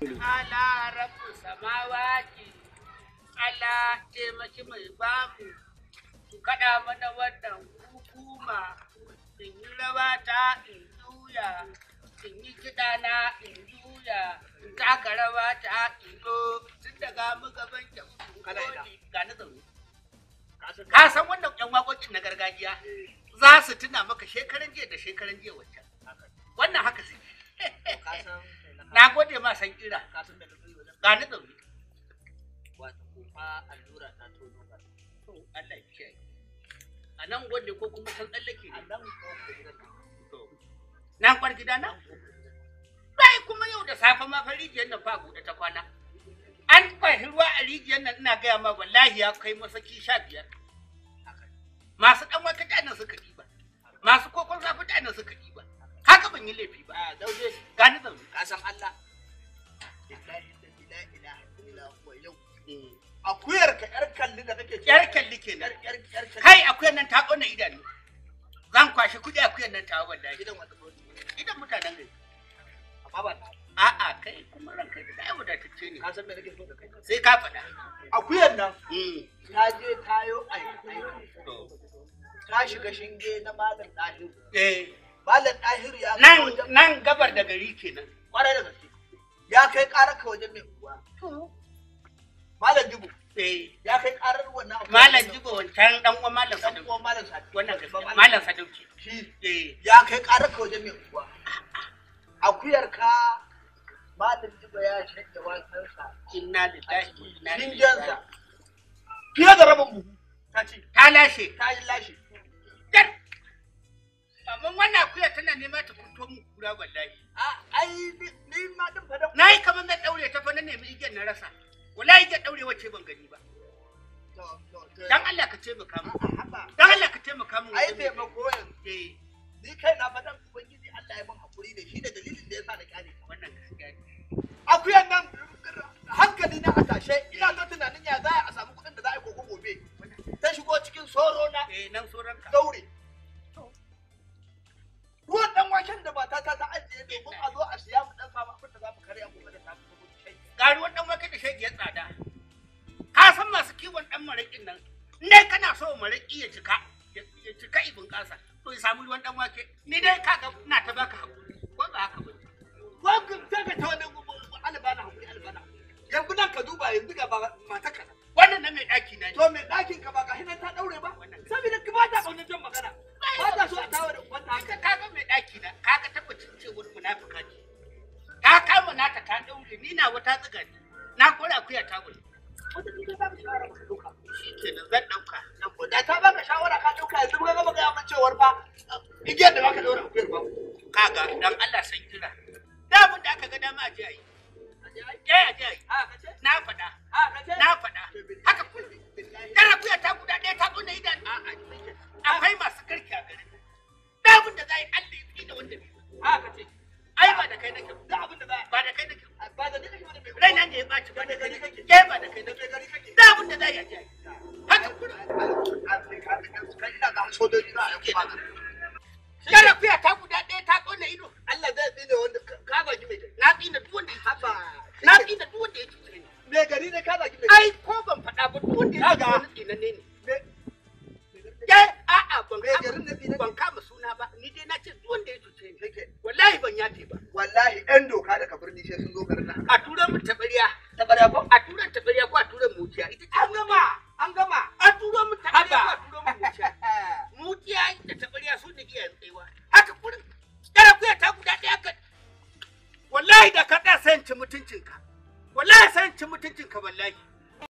ala rabu samawati Allah taimaki mai babu. Ku kaɗa mana wannan hukuma in yi rawa ta in juya in yi kiɗa na in juya in taka rawa ta in do tun daga muka banke ga na zaune ka san wannan yan waƙoƙin na gargajiya za su tuna maka shekaran jiya da shekaran jiya wancan wannan haka suke na gode ma san kira kafin da kafin wajen ga ni ɗauri wato kuma allura ta tono ba to Allah ya kiyaye a nan gode ko kuma san tsallake a nan na kwar gida na bai kuma yau da safe ma fa rijiyar nan fa Bude ta kwana an fahimci ruwa a rijiyar nan ina gaya ma wallahi ya kai masaki sha biyar masu ɗan wata ɗanin suka ɗiba masu kokon zafi ɗanin suka ɗiba yi laifi ba a ah, dauje gani zan ka san Allah akuyar ka yar kalli da kake yar kalli nan, kai akuyar nan ta kona idanu zan kwashi kudi akuyar nan ta wallahi idan wata idan mutanen gari amma ba a'a kai kuma ranka da dai wadatacce ne ka san me nake so kai sai ka faɗa akuyar nan hmm. ta je tayo ai ta shiga shinge na malam ɗahin eh Malam ya nan nan gabar da gari kenan. Kwarai da gaske. Ya kai karar ka wajen mai uwa. Malam Jibo. Eh. Ya kai wannan abu. Malam Jibo wancan dan uwa Malam Sadauki. Dan Malam Sadauki. Wannan Malam Sadauki. Shi. Eh. Ya kai karar ka wajen mai uwa. Akuyar ka Malam Jibo ya shadda wasansa. Inna lillahi wa Fiye da rabin buhu. Ta ce. Ta lashe. Ta lashe. ma ta kunto mu kura wallahi. Ai ni ma din fa da. kamar na daure ta fa na nemi igiyar na rasa. Wallahi igiyar daurewa ce ban gani ba. Dan Allah ka ce mu. Dan Allah ka mu. Ai eh. Ni kai na fa dan shegiyar tsada ka san masu kiwon ɗan maraƙin nan ne kana so maraƙi ya cika ya cika ibin ƙasa to ya samu ruwan ɗan wake ni dai kaga ina ta baka hakuri ko ba haka ba ko daga ta wani albana hakuri albana yanzu nan ka duba yanzu ga mata kaza wannan nan mai ɗaki na to mai ɗakin ka ba ka hinan ta ɗaure ba saboda ka ba ta ƙaunar jan magana ba ta so a tawo da wata ka kaga mai ɗaki na kaga tabbacin cewar munafuka ne. ta kama nata ta ɗaure ni na wata tsiga ne na kora akuya ta gudu wata ni ba shawara ka dauka shikenan zan dauka na goda ta baka shawara ka ɗauka, yanzu ka ga baka yaman cewar fa igiyar da ba ka daura akuyar ba kaga dan Allah san kira da abin da aka ga dama aje a yi Aje a yi. Eh, na faɗa na faɗa haka kullum dan akuya ta guda ɗaya ta zo idan a'a haka yar ta guda ɗaya ta ƙona ido Allah zai wanda ka mai na na ya gari ne ka mai ko ban faɗa ba ban kama suna ba ni na ce ya wallahi ban yafe ba wallahi ɗan doka daga birni sai sun zo garin nan mutuncinka wallahi sai in ci mutuncinka wallahi